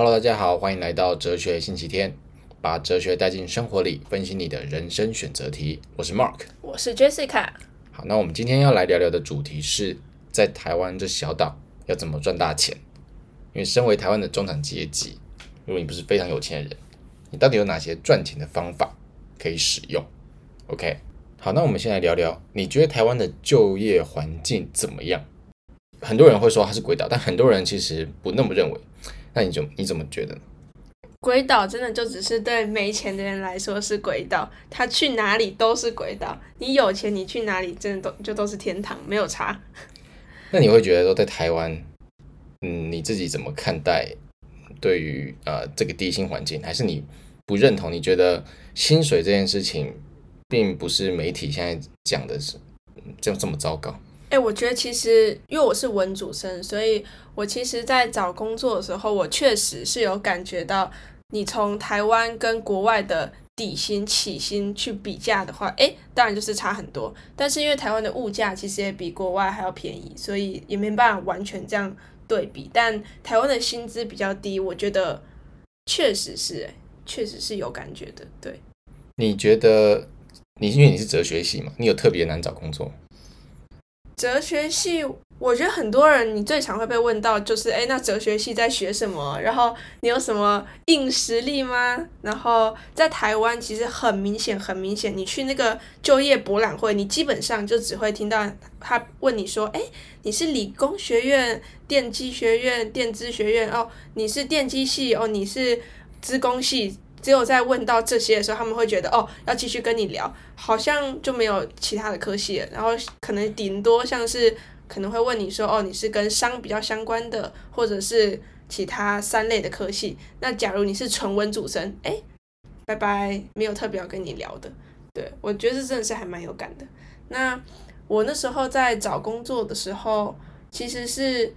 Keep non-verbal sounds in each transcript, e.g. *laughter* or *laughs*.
Hello，大家好，歡迎來到哲學星期天，把哲學帶進生活裡，分析你的人生選擇題。我是 Mark，我是 Jessica。好，那我們今天要來聊聊的主題是，在台灣這小島要怎麼賺大錢？因為身為台灣的中產階級，如果你不是非常有錢的人，你到底有哪些賺錢的方法可以使用？OK，好，那我們先來聊聊，你覺得台灣的就業環境怎麼樣？很多人會說它是鬼島，但很多人其實不那麼認為。那你就你怎麼覺得？鬼島真的就只是對沒錢的人來說是鬼島，他去哪裡都是鬼島。你有錢，你去哪裡真的都就都是天堂，沒有差。那你會覺得說在台灣，嗯，你自己怎麼看待對於呃這個低薪環境？還是你不認同？你覺得薪水這件事情並不是媒體現在講的是就這麼糟糕？哎、欸，我覺得其實，因為我是文組生，所以我其實，在找工作的時候，我確實是有感覺到，你從台灣跟國外的底薪起薪去比價的話，哎、欸，當然就是差很多。但是因為台灣的物價其實也比國外還要便宜，所以也沒辦法完全這樣對比。但台灣的薪資比較低，我覺得確實是，確實是有感覺的。對，你覺得你因為你是哲學系嘛，你有特別難找工作？哲學系，我覺得很多人你最常會被問到就是，哎、欸，那哲學系在學什麼？然後你有什麼硬實力嗎？然後在台灣，其實很明顯，很明顯，你去那個就業博覽會，你基本上就只會聽到他問你說，哎、欸，你是理工學院、電機學院、電資學院哦，你是電機系哦，你是資工系。只有在問到這些的時候，他們會覺得哦，要繼續跟你聊，好像就沒有其他的科系了。然後可能頂多像是可能會問你說哦，你是跟商比較相關的，或者是其他三類的科系。那假如你是純文組成，哎、欸，拜拜，沒有特別要跟你聊的。對，我覺得這真的是還蠻有感的。那我那時候在找工作的時候，其實是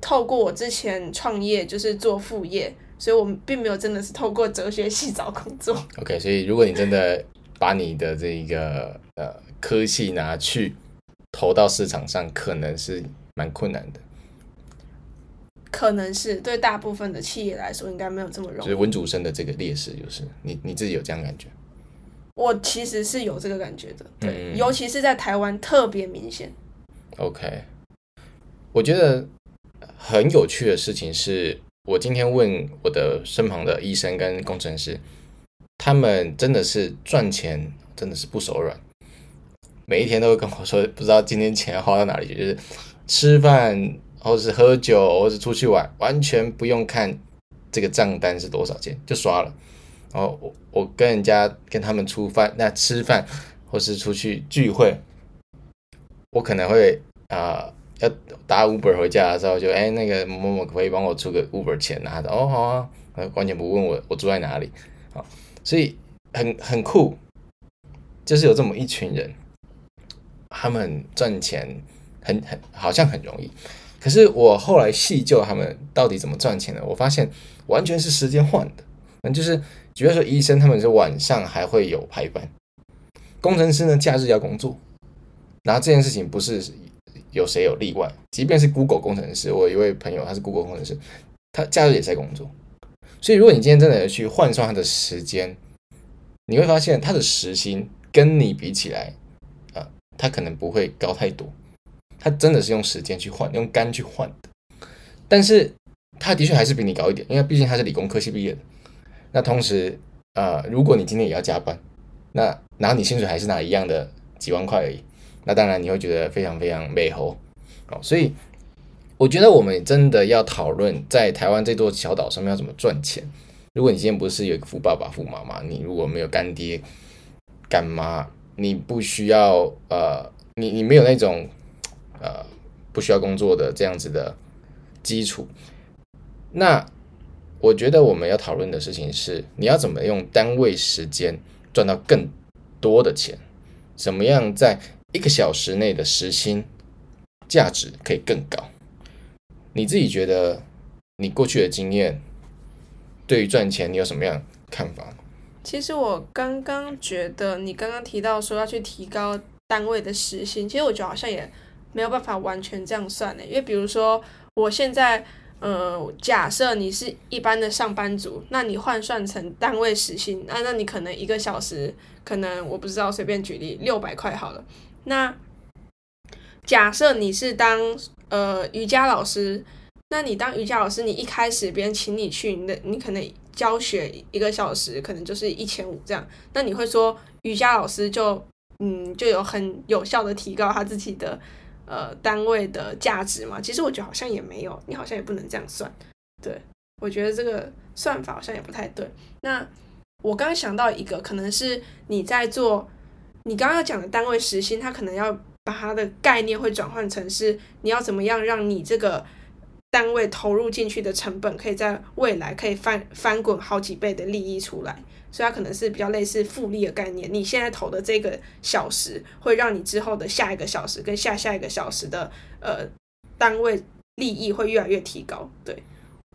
透過我之前創業，就是做副業。所以我們並沒有真的是透過哲學系找工作。OK，所以如果你真的把你的這一個呃科系拿去投到市場上，可能是蠻困難的。可能是對大部分的企業來說，應該沒有這麼容易。所以文組生的這個劣勢就是你你自己有這樣感覺？我其實是有這個感覺的，對，嗯、尤其是在台灣特別明顯。OK，我覺得很有趣的事情是。我今天問我的身旁的醫生跟工程師，他們真的是賺錢，真的是不手軟。每一天都會跟我說，不知道今天錢花到哪裡去，就是吃飯或是喝酒或是出去玩，完全不用看這個賬單是多少錢就刷了。然後我我跟人家跟他們吃飯，那吃飯或是出去聚會，我可能會啊。呃要打 Uber 回家的時候就，就、欸、哎，那個某某可以幫我出個 Uber 錢拿着啊。哦好啊，完全不問我我住在哪裡。好，所以很很酷，就是有這麼一群人，他們賺錢很很好像很容易。可是我後來細究他們到底怎麼賺錢的，我發現完全是時間換的。嗯，就是主要是醫生，他們是晚上還會有排班，工程師呢，假日要工作，然後這件事情不是。有誰有例外？即便是 Google 工程師，我有一位朋友，他是 Google 工程師，他假日也在工作。所以，如果你今天真的去換算他的時間，你會發現他的時薪跟你比起來，啊、呃，他可能不會高太多。他真的是用時間去換，用肝去換的。但是，他的確還是比你高一點，因為畢竟他是理工科系畢業的。那同時，呃，如果你今天也要加班，那拿你薪水還是拿一樣的幾萬塊而已。那當然你會覺得非常非常美好。哦，所以我覺得我們真的要討論在台灣這座小島上面要怎麼賺錢。如果你今天不是有富爸爸富媽媽，你如果沒有乾爹乾媽，你不需要呃，你你沒有那種呃不需要工作的這樣子的基礎，那我覺得我們要討論的事情是你要怎麼用單位時間賺到更多的錢，怎麼樣在。一個小時內的時薪價值可以更高。你自己覺得，你過去的經驗對於賺錢你有什麼樣的看法？其實我剛剛覺得，你剛剛提到說要去提高單位的時薪，其實我覺得好像也沒有辦法完全這樣算的，因為比如說我現在，呃，假設你是一般的上班族，那你換算成單位時薪，那那你可能一個小時，可能我不知道，隨便舉例六百塊好了。那假設你是當呃瑜伽老師，那你當瑜伽老師，你一開始別人請你去，你你可能教學一個小時，可能就是一千五這樣。那你會說瑜伽老師就嗯就有很有效的提高他自己的呃單位的價值嗎？其實我覺得好像也沒有，你好像也不能這樣算。對，我覺得這個算法好像也不太對。那我剛想到一個可能是你在做。你剛剛要講的單位時薪，它可能要把它的概念會轉換成是你要怎麼樣讓你這個單位投入進去的成本，可以在未來可以翻翻滾好幾倍的利益出來，所以它可能是比較類似複利的概念。你現在投的這個小時，會讓你之後的下一個小時跟下下一個小時的呃單位利益會越來越提高。對，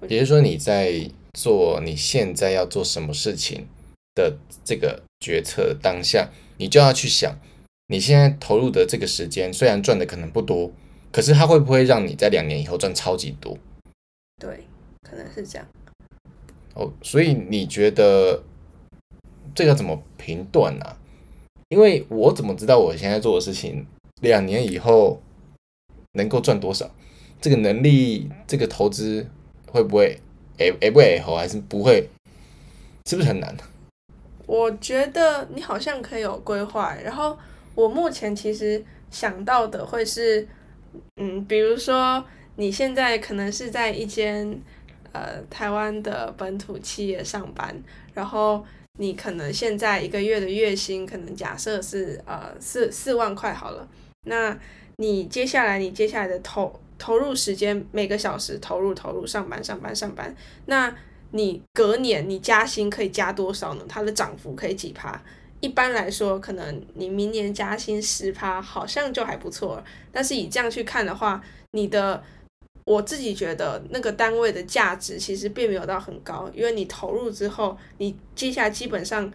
比如說你在做你現在要做什麼事情的這個決策當下。你就要去想，你現在投入的這個時間，雖然賺的可能不多，可是它會不會讓你在兩年以後賺超級多？對，可能是這樣。哦，所以你覺得這個怎麼評斷呢？因為我怎麼知道我現在做的事情兩年以後能夠賺多少？這個能力，這個投資會不會哎哎不哎吼，還是不會？是不是很難？我覺得你好像可以有規劃，然後我目前其實想到的會是，嗯，比如說你現在可能是在一間呃台灣的本土企業上班，然後你可能現在一個月的月薪可能假設是呃四四萬塊好了，那你接下來你接下來的投投入時間每個小時投入投入上班上班上班，那。你隔年你加薪可以加多少呢？它的漲幅可以幾趴？一般來說，可能你明年加薪十趴，好像就還不錯。但是以這樣去看的話，你的我自己覺得那個單位的價值其實並沒有到很高，因為你投入之後，你接下來基本上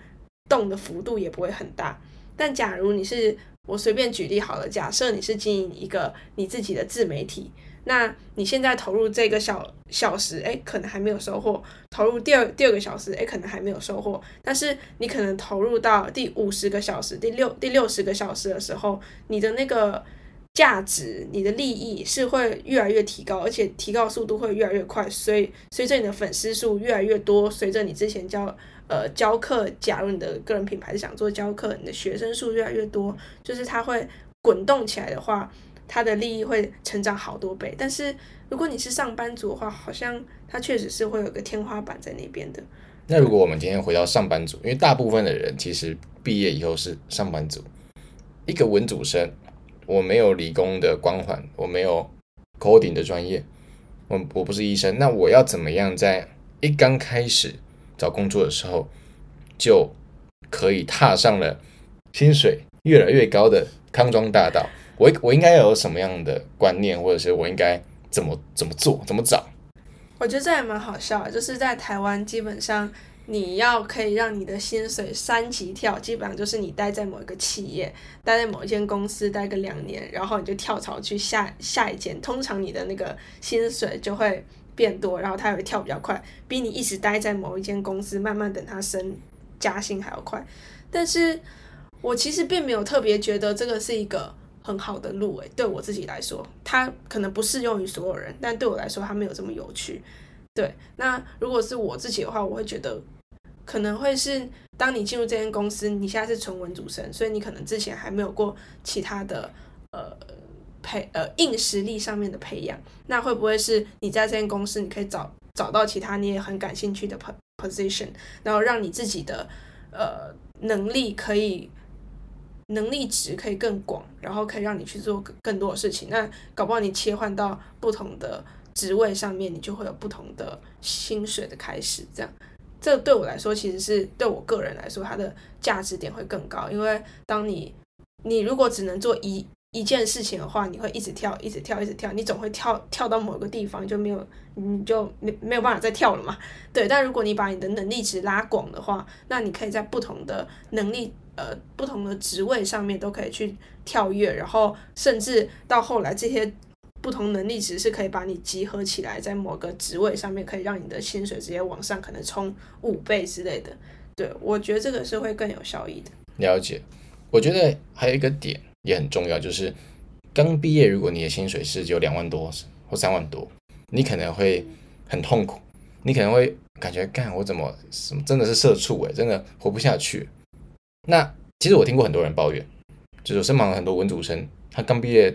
動的幅度也不會很大。但假如你是我隨便舉例好了，假設你是經營一個你自己的自媒體。那你現在投入這個小小時，哎，可能還沒有收穫；投入第二第二個小時，哎，可能還沒有收穫。但是你可能投入到第五十個小時、第六第六十個小時的時候，你的那個價值、你的利益是會越來越提高，而且提高速度會越來越快。所以隨着你的粉絲數越來越多，隨着你之前教呃教課，假如你的個人品牌是想做教課，你的學生數越來越多，就是它會滾動起來的話。他的利益會成長好多倍，但是如果你是上班族的話，好像他確實是會有個天花板在那邊的。那如果我們今天回到上班族，因為大部分的人其實畢業以後是上班族。一個文組生，我沒有理工的光環，我沒有 coding 的專業，我我不是醫生，那我要怎麼樣在一剛開始找工作的時候，就可以踏上了薪水越來越高的康莊大道？我我應該有什麼樣的觀念，或者是我應該怎麼怎麼做怎麼找？我覺得這還蠻好笑啊，就是在台灣，基本上你要可以讓你的薪水三級跳，基本上就是你待在某一個企業，待在某一間公司待個兩年，然後你就跳槽去下下一間，通常你的那個薪水就會變多，然後它也會跳比較快，比你一直待在某一間公司慢慢等它升加薪還要快。但是我其實並沒有特別覺得這個是一個。很好的路哎，對我自己來說，它可能不適用於所有人，但對我來說，它沒有這麼有趣。對，那如果是我自己的話，我會覺得可能會是，當你進入這間公司，你現在是純文組生，所以你可能之前還沒有過其他的呃培呃硬實力上面的培養，那會不會是你在這間公司，你可以找找到其他你也很感興趣的 position，然後讓你自己的呃能力可以。能力值可以更廣，然後可以讓你去做更多的事情。那搞不好你切換到不同的職位上面，你就會有不同的薪水的開始。這樣，這對我來說其實是對我個人來說，它的價值點會更高。因為當你你如果只能做一一件事情的話，你會一直跳，一直跳，一直跳，你總會跳跳到某個地方就沒有你就沒沒有辦法再跳了嘛。對。但如果你把你的能力值拉廣的話，那你可以在不同的能力。呃，不同的職位上面都可以去跳躍，然後甚至到後來這些不同能力值是可以把你集合起來，在某個職位上面可以讓你的薪水直接往上可能衝五倍之類的。對，我覺得這個是會更有效益的。了解，我覺得還有一個點也很重要，就是剛畢業，如果你的薪水是只有兩萬多或三萬多，你可能會很痛苦，嗯、你可能會感覺幹我怎麼什麼真的是社畜誒，真的活不下去。那其實我聽過很多人抱怨，就是我身旁很多文組生，他剛畢業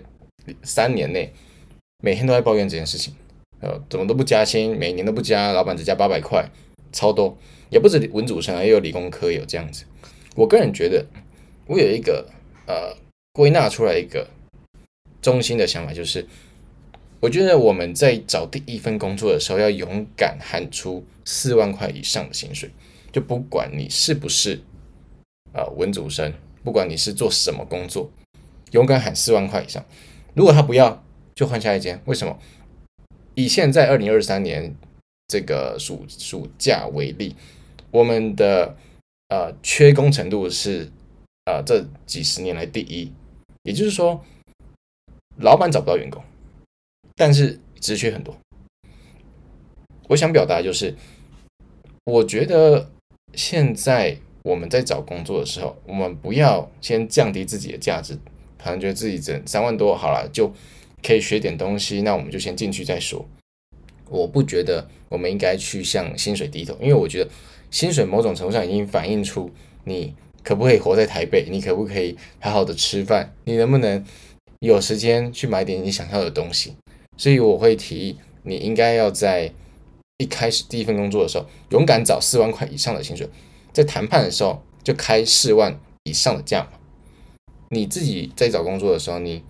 三年內，每天都在抱怨這件事情。呃，怎麼都不加薪，每年都不加，老闆只加八百塊，超多，也不止文組生啊，也有理工科有。哦，這樣子。我個人覺得，我有一個呃歸納出來一個中心的想法，就是我覺得我們在找第一份工作的時候，要勇敢喊出四萬塊以上的薪水，就不管你是不是。呃，文組生，不管你是做什麼工作，勇敢喊四萬塊以上。如果他不要，就換下一間。為什麼？以現在二零二三年這個暑暑假為例，我們的呃缺工程度是呃這幾十年來第一，也就是說，老闆找不到員工，但是職缺很多。我想表達就是，我覺得現在。我們在找工作的時候，我們不要先降低自己的價值，可能覺得自己掙三萬多好了，就可以學點東西，那我們就先進去再說。我不覺得我們應該去向薪水低頭，因為我覺得薪水某種程度上已經反映出你可不可以活在台北，你可不可以好好的吃飯，你能不能有時間去買點你想要的東西。所以我會提議，你應該要在一開始第一份工作的時候，勇敢找四萬塊以上的薪水。在談判的時候就開四萬以上的價嘛？你自己在找工作的時候，你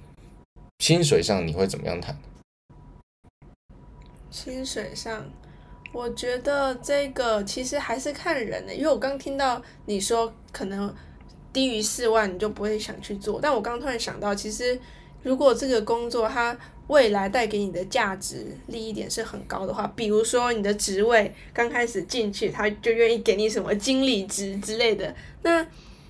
薪水上你會怎麼樣談？薪水上，我覺得這個其實還是看人的、欸，因為我剛聽到你說可能低於四萬你就不會想去做，但我剛突然想到，其實如果這個工作它未來帶給你的價值利益點是很高的話，比如說你的職位剛開始進去，他就願意給你什麼經理職之類的。那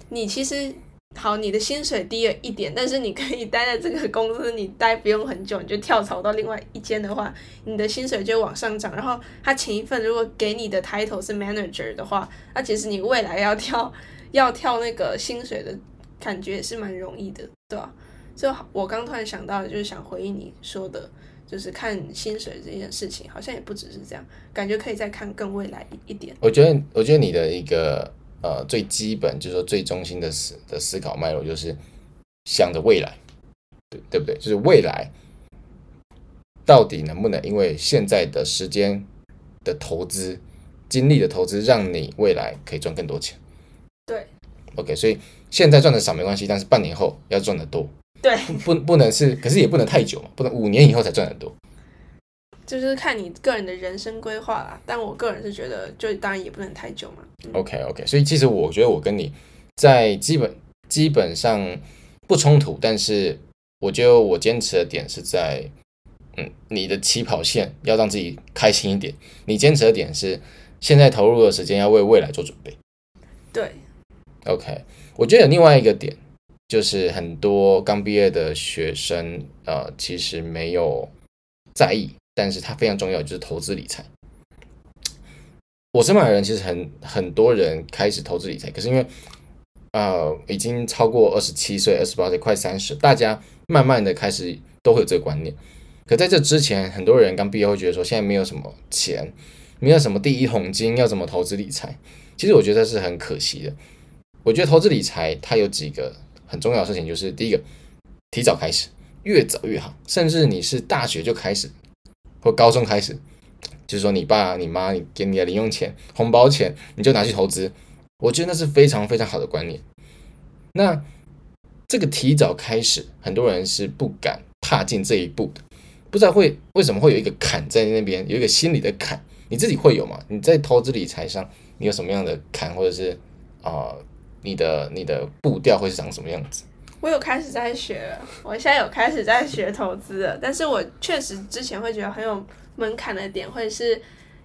你其實好，你的薪水低了一點，但是你可以待在這個公司，你待不用很久，你就跳槽到另外一間的話，你的薪水就往上漲。然後他前一份如果給你的 title 是 manager 的話，那其實你未來要跳要跳那個薪水的感覺也是蠻容易的，對吧、啊？就好，我剛突然想到，就是想回應你說的，就是看薪水這件事情，好像也不只是這樣，感覺可以再看更未來一點。我覺得，我覺得你的一個呃最基本，就是說最中心的思的思考脈絡，就是想着未來，對對不對？就是未來到底能不能因為現在的時間的投資、精力的投資，讓你未來可以賺更多錢？對，OK，所以現在賺的少沒關係，但是半年後要賺的多。對，不不能是，可是也不能太久嘛，不能五年以後才賺得多，就是看你個人的人生規劃啦。但我個人是覺得，就當然也不能太久嘛，嗯。OK OK，所以其實我覺得我跟你在基本基本上不衝突，但是我覺得我堅持的點是在，嗯，你的起跑線要讓自己開心一點。你堅持的點是現在投入的時間要為未來做準備。對。OK，我覺得有另外一個點。就是很多剛畢業的學生，呃，其實沒有在意，但是他非常重要，就是投資理財。我身邊的人其實很很多人開始投資理財，可是因為，呃，已經超過二十七歲、二十八歲、快三十，大家慢慢的開始都會有這個觀念。可在這之前，很多人剛畢業會覺得說，現在沒有什麼錢，沒有什麼第一桶金，要怎麼投資理財？其實我覺得這是很可惜的。我覺得投資理財它有幾個。很重要的事情就是，第一個，提早開始，越早越好，甚至你是大學就開始，或高中開始，就是說，你爸、你媽、你給你的零用錢、紅包錢，你就拿去投資，我覺得那是非常非常好的觀念。那這個提早開始，很多人是不敢踏進這一步的，不知道會為什麼會有一個坎在那邊，有一個心理的坎，你自己會有嗎？你在投資理財上，你有什麼樣的坎，或者是啊？呃你的你的步調會是長什麼樣子？我有開始在學了，我現在有開始在學投資了， *laughs* 但是我確實之前會覺得很有門檻的點，會是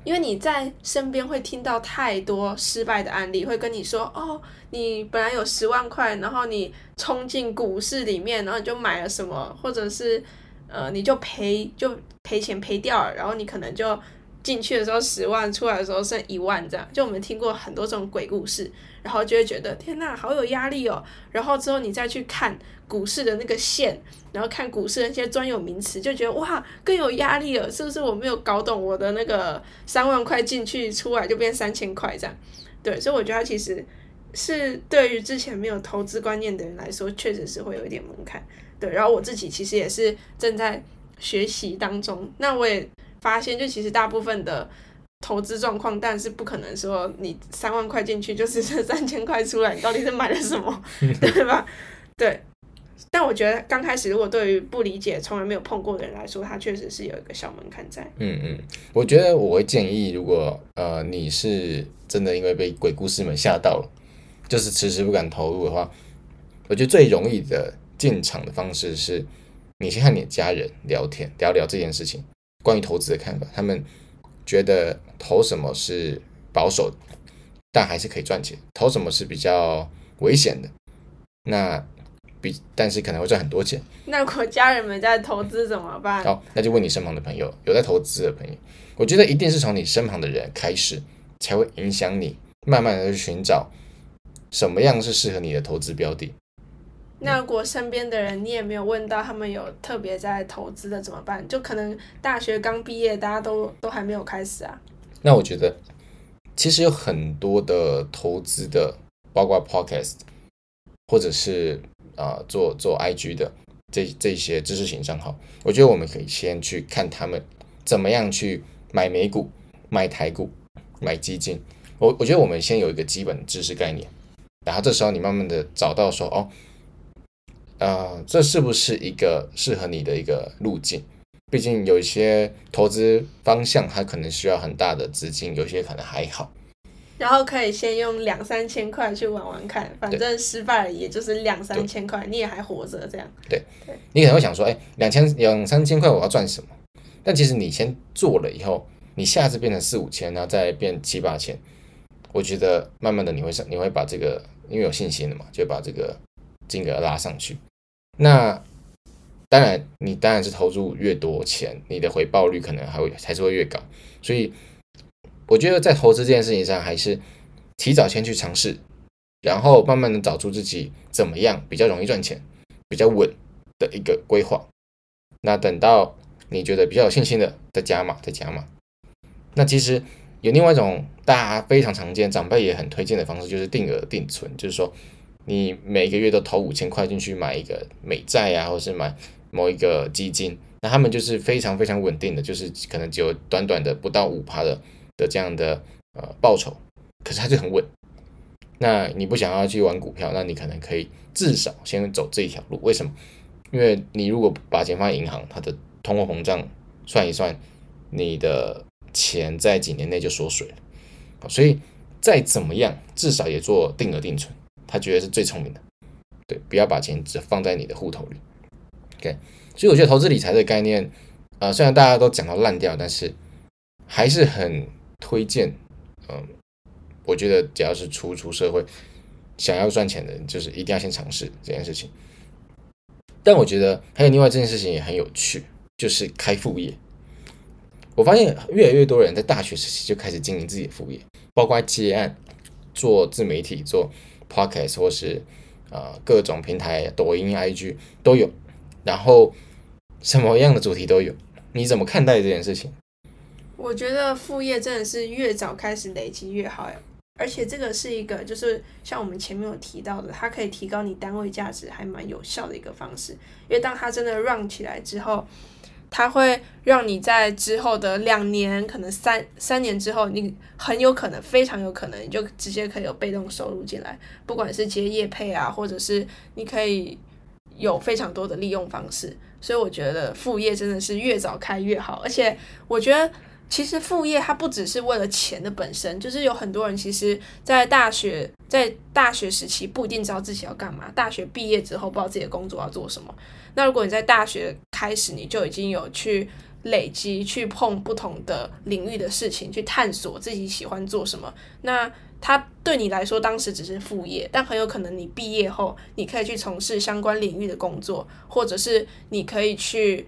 因為你在身邊會聽到太多失敗的案例，會跟你說，哦，你本來有十萬塊，然後你衝進股市裡面，然後你就買了什麼，或者是呃，你就賠就賠錢賠掉了，然後你可能就。進去的時候十萬，出來的時候剩一萬，這樣就我們聽過很多這種鬼故事，然後就會覺得天吶，好有壓力哦。然後之後你再去看股市的那個線，然後看股市的那些專有名詞，就覺得哇，更有壓力了，是不是？我沒有搞懂我的那個三萬塊進去，出來就變三千塊這樣，對，所以我覺得它其實是對於之前沒有投資觀念的人來說，確實是會有一點門檻。對，然後我自己其實也是正在學習當中，那我也。發現就其實大部分的投資狀況，但是不可能說你三萬塊進去就是這三千塊出來，你到底是買了什麼， *laughs* 對吧？對。但我覺得剛開始，如果對於不理解、從來沒有碰過的人來說，它確實是有一個小門檻在。嗯嗯，我覺得我會建議，如果呃你是真的因為被鬼故事們嚇到了，就是遲遲不敢投入的話，我覺得最容易的進場的方式是，你先和你的家人聊天，聊聊這件事情。關於投資的看法，他們覺得投什麼是保守，但還是可以賺錢；投什麼是比較危險的，那比但是可能會賺很多錢。那我家人們在投資怎麼辦？好、哦，那就問你身旁的朋友，有在投資的朋友，我覺得一定是從你身旁的人開始，才會影響你，慢慢的去尋找什麼樣是適合你的投資標的。那如果身邊的人你也沒有問到他們有特別在投資的怎麼辦？就可能大學剛畢業，大家都都還沒有開始啊。那我覺得其實有很多的投資的，包括 podcast，或者是啊、呃、做做 IG 的這這些知識型賬號，我覺得我們可以先去看他們怎麼樣去買美股、買台股、買基金。我我覺得我們先有一個基本知識概念，然後這時候你慢慢的找到說哦。呃，這是不是一個適合你的一個路徑？畢竟有一些投資方向，它可能需要很大的資金，有些可能還好。然後可以先用兩三千塊去玩玩看，反正失敗了也就是兩三千塊，你也還活着這樣。對，你可能會想說，哎、欸，兩千，兩三千塊我要賺什麼？但其實你先做了以後，你下次變成四五千，然後再變七八千，我覺得慢慢的你會上，你會把這個因為有信心了嘛，就把這個金額拉上去。那當然，你當然是投入越多錢，你的回報率可能還會還是會越高。所以，我覺得在投資這件事情上，還是提早先去嘗試，然後慢慢的找出自己怎麼樣比較容易賺錢、比較穩的一個規劃。那等到你覺得比較有信心的，再加碼，再加碼。那其實有另外一種大家非常常見、長輩也很推薦的方式，就是定額定存，就是說。你每個月都投五千塊進去買一個美債啊，或是買某一個基金，那他們就是非常非常穩定的，就是可能只有短短的不到五趴的的這樣的呃報酬，可是它就很穩。那你不想要去玩股票，那你可能可以至少先走這一條路。為什麼？因為你如果把錢放銀行，它的通貨膨脹算一算，你的錢在幾年內就縮水了。所以再怎麼樣，至少也做定額定存。他覺得是最聰明的，對，不要把錢只放在你的戶頭裡。OK，所以我覺得投資理財這個概念，啊、呃，雖然大家都講到爛掉，但是還是很推薦。嗯、呃，我覺得只要是初出，出社會想要賺錢的人，就是一定要先嘗試這件事情。但我覺得還有另外一件事情也很有趣，就是開副業。我發現越來越多人在大學時期就開始經營自己的副業，包括接案、做自媒體、做。Podcast 或是呃各種平台、抖音、IG 都有，然後什麼樣的主題都有。你怎麼看待這件事情？我覺得副業真的是越早開始累積越好呀！而且這個是一個就是像我們前面有提到的，它可以提高你單位價值，還蠻有效的一個方式。因為當它真的 run 起來之後。它會讓你在之後的兩年，可能三三年之後，你很有可能，非常有可能，你就直接可以有被動收入進來，不管是接業配啊，或者是你可以有非常多的利用方式。所以我覺得副業真的是越早開越好。而且我覺得其實副業它不只是為了錢的本身，就是有很多人其實，在大學在大學時期不一定知道自己要幹嘛，大學畢業之後不知道自己的工作要做什麼。那如果你在大學開始你就已經有去累積、去碰不同的領域的事情，去探索自己喜歡做什麼。那他對你來說當時只是副業，但很有可能你畢業後你可以去從事相關領域的工作，或者是你可以去。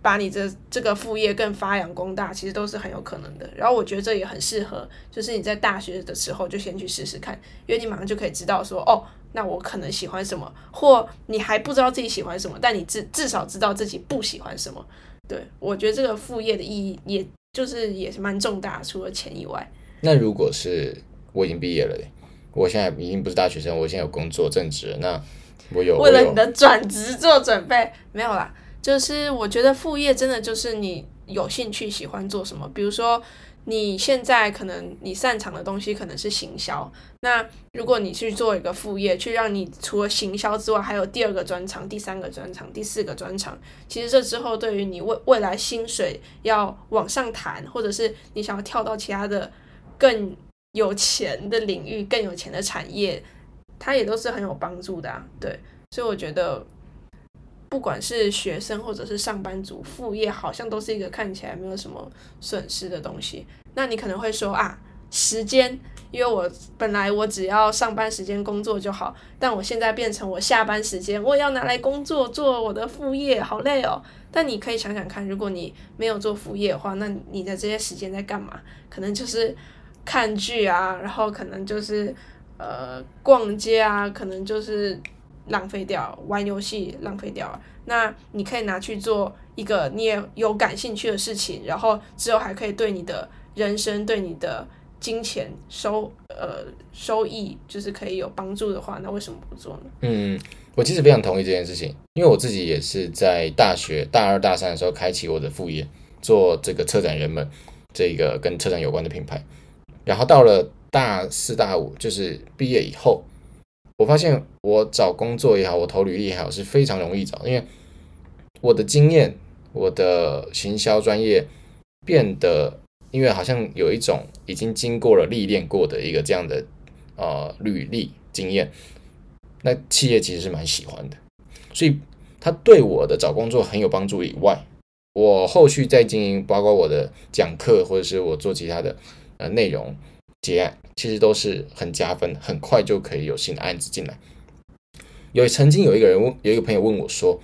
把你這這個副業更發揚光大，其實都是很有可能的。然後我覺得這也很適合，就是你在大學的時候就先去試試看，因為你馬上就可以知道說，哦，那我可能喜歡什麼，或你還不知道自己喜歡什麼，但你至至少知道自己不喜歡什麼。對，我覺得這個副業的意義也，也就是也是蠻重大，除了錢以外。那如果是我已經畢業了，我現在已經不是大學生，我現在有工作正職，那我有為了你的轉職做準備 *laughs* 沒有啦？就是我覺得副業真的就是你有興趣喜歡做什麼，比如說你現在可能你擅長的東西可能是行銷，那如果你去做一個副業，去讓你除了行銷之外，還有第二個專長、第三個專長、第四個專長，其實這之後對於你未未來薪水要往上彈，或者是你想要跳到其他的更有錢的領域、更有錢的產業，它也都是很有幫助的啊，對，所以我覺得。不管是學生或者是上班族，副業好像都是一個看起來沒有什麼損失的東西。那你可能會說啊，時間，因為我本來我只要上班時間工作就好，但我現在變成我下班時間，我也要拿來工作做我的副業，好累哦。但你可以想想看，如果你沒有做副業的話，那你的這些時間在幹嘛？可能就是看劇啊，然後可能就是呃逛街啊，可能就是。浪費掉，玩遊戲浪費掉了，那你可以拿去做一個你也有感興趣的事情，然後之後還可以對你的人生、對你的金錢收呃收益，就是可以有幫助的話，那為什麼不做呢？嗯，我其實非常同意這件事情，因為我自己也是在大學大二、大三的時候開啟我的副業，做這個車展人們這個跟車展有關的品牌，然後到了大四、大五，就是畢業以後。我發現我找工作也好，我投履歷也好，是非常容易找的，因為我的經驗、我的行銷專業變得，因為好像有一種已經經過了歷練過的一個這樣的呃履歷經驗，那企業其實是蠻喜歡的，所以他對我的找工作很有幫助以外，我後續在經營，包括我的講課或者是我做其他的呃內容接案。其實都是很加分，很快就可以有新的案子進來。有曾經有一個人問，有一個朋友問我說：“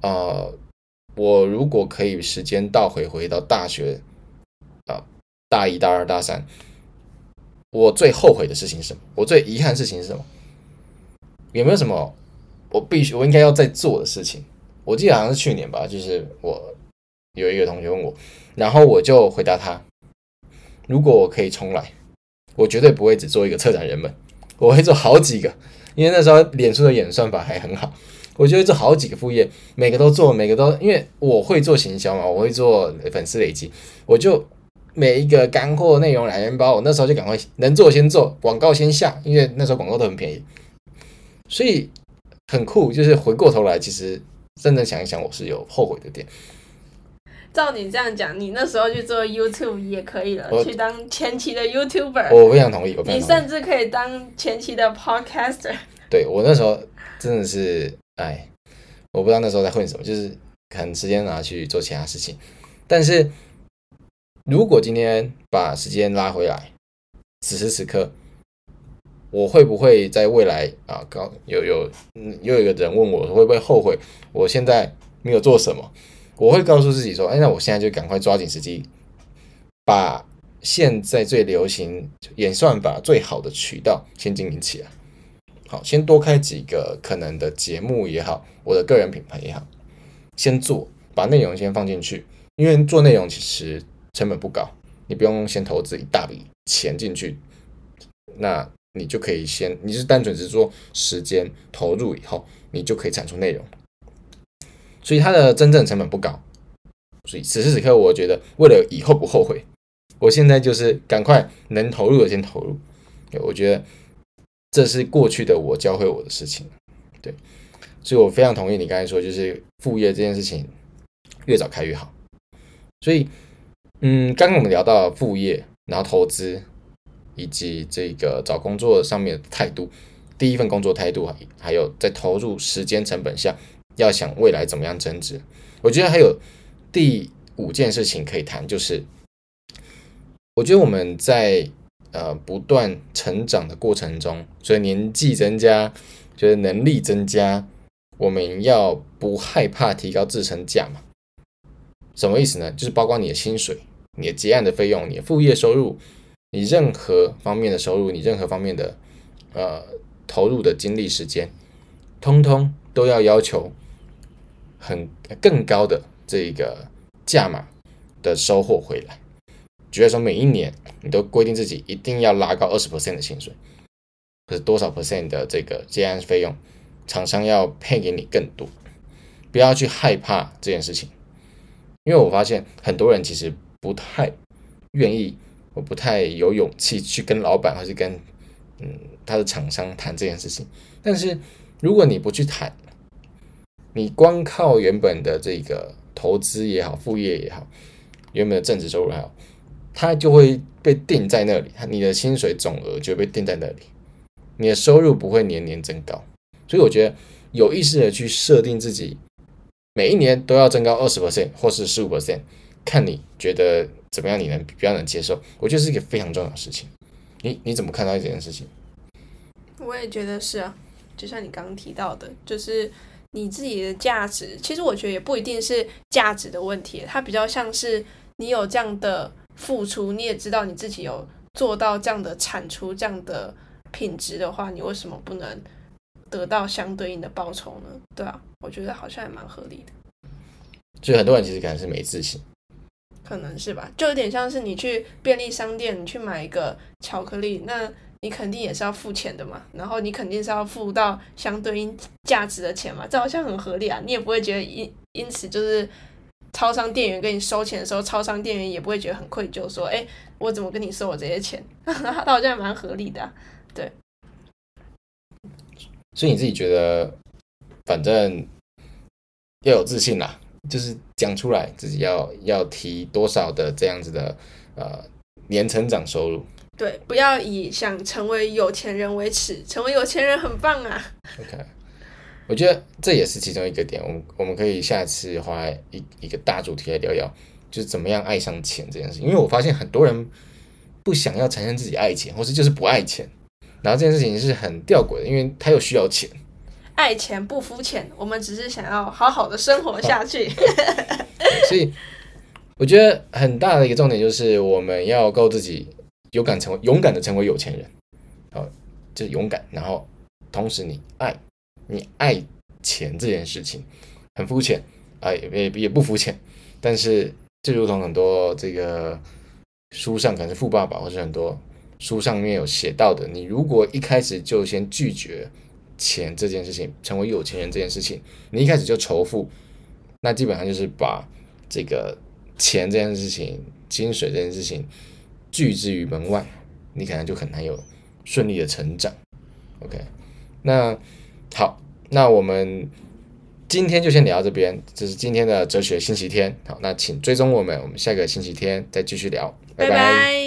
啊、呃，我如果可以時間倒回，回到大學啊、呃，大一大二大三，我最後悔的事情是什麼？我最遺憾的事情是什麼？有沒有什麼我必須我應該要再做的事情？”我記得好像是去年吧，就是我有一個同學問我，然後我就回答他：“如果我可以重來。”我絕對不會只做一個策展人們，我會做好幾個，因為那時候臉書的演算法還很好，我就會做好幾個副業，每個都做，每個都因為我會做行銷嘛，我會做粉絲累積，我就每一個乾貨內容懶人包，我那時候就趕快能做先做，廣告先下，因為那時候廣告都很便宜，所以很酷。就是回過頭來，其實真的想一想，我是有後悔的點。照你這樣講，你那時候去做 YouTube 也可以了，去當前期的 YouTuber 我。我非常同意。你甚至可以當前期的 Podcaster。對，我那時候真的是哎，我不知道那時候在混什麼，就是可能時間拿去做其他事情。但是如果今天把時間拉回來，此時此刻，我會不會在未來啊，剛有有，有有又有一個人問我，會不會後悔我現在沒有做什麼？我會告訴自己說：“哎，那我現在就趕快抓緊時機，把現在最流行演算法最好的渠道先經營起來。好，先多開幾個可能的節目也好，我的個人品牌也好，先做，把內容先放進去。因為做內容其實成本不高，你不用先投資一大筆錢進去，那你就可以先，你是單純只做時間投入以後，你就可以產出內容。”所以它的真正成本不高，所以此時此刻，我覺得為了以後不後悔，我現在就是趕快能投入的先投入，對，我覺得這是過去的我教會我的事情，對，所以我非常同意你剛才說，就是副業這件事情越早開越好。所以，嗯，剛剛我們聊到副業，然後投資，以及這個找工作上面的態度，第一份工作態度還有在投入時間成本下，要想未來怎麼樣增值，我覺得還有第五件事情可以談，就是我覺得我們在呃不斷成長的過程中，所以年紀增加，就是能力增加，我們要不害怕提高自身價嘛？什麼意思呢？就是包括你的薪水、你的結案的費用、你的副業收入、你任何方面的收入、你任何方面的呃投入的精力時間，通通都要要求。很更高的這個價碼的收穫回來，覺得說，每一年你都規定自己一定要拉高二十 percent 的薪水，可是多少 percent 的這個接案費用，廠商要配給你更多，不要去害怕這件事情，因為我發現很多人其實不太願意，我不太有勇氣去跟老闆，或是跟嗯他的廠商談這件事情，但是如果你不去談。你光靠原本的這個投資也好，副業也好，原本的正職收入也好，它就會被定在那裡，你的薪水總額就會被定在那裡，你的收入不會年年增高。所以我覺得有意識的去設定自己每一年都要增高二十 percent 或是十五 percent，看你覺得怎麼樣，你能比較能接受。我覺得是一個非常重要的事情。你你怎麼看待這件事情？我也覺得是啊，就像你剛剛提到的，就是。你自己的價值，其實我覺得也不一定是價值的問題，它比較像是你有這樣的付出，你也知道你自己有做到這樣的產出，這樣的品質的話，你為什麼不能得到相對應的報酬呢？對啊，我覺得好像也蠻合理的。就很多人其實可能是沒自信，可能是吧，就有點像是你去便利商店，你去買一個巧克力，那。你肯定也是要付錢的嘛，然後你肯定是要付到相對應價值的錢嘛，這好像很合理啊，你也不會覺得因因此就是，超商店員跟你收錢的時候，超商店員也不會覺得很愧疚，說，哎、欸，我怎麼跟你收我這些錢？他好像蠻合理的，啊，對。所以你自己覺得，反正要有自信啦，就是講出來自己要要提多少的這樣子的，呃，年成長收入。對，不要以想成為有錢人為恥，成為有錢人很棒啊。OK，我覺得這也是其中一個點。我們我們可以下次花一一個大主題來聊聊，就是怎麼樣愛上錢這件事。因為我發現很多人不想要承認自己愛錢，或是就是不愛錢，然後這件事情是很弔詭的，因為他又需要錢。愛錢不膚淺，我們只是想要好好的生活下去。 *laughs* 所以我覺得很大的一個重點就是我們要夠自己勇敢成為勇敢的成為有錢人，好、哦，就是勇敢。然後，同時你愛，你愛錢這件事情，很膚淺啊，也也，也不膚淺。但是，就如同很多這個書上，可能是《富爸爸》或者是很多書上面有寫到的，你如果一開始就先拒絕錢這件事情，成為有錢人這件事情，你一開始就仇富，那基本上就是把這個錢這件事情、薪水這件事情。拒之於門外，你可能就很難有順利的成長。OK，那好，那我們今天就先聊這邊，這是今天的哲學星期天。好，那請追蹤我們，我們下個星期天再繼續聊。拜拜。拜拜。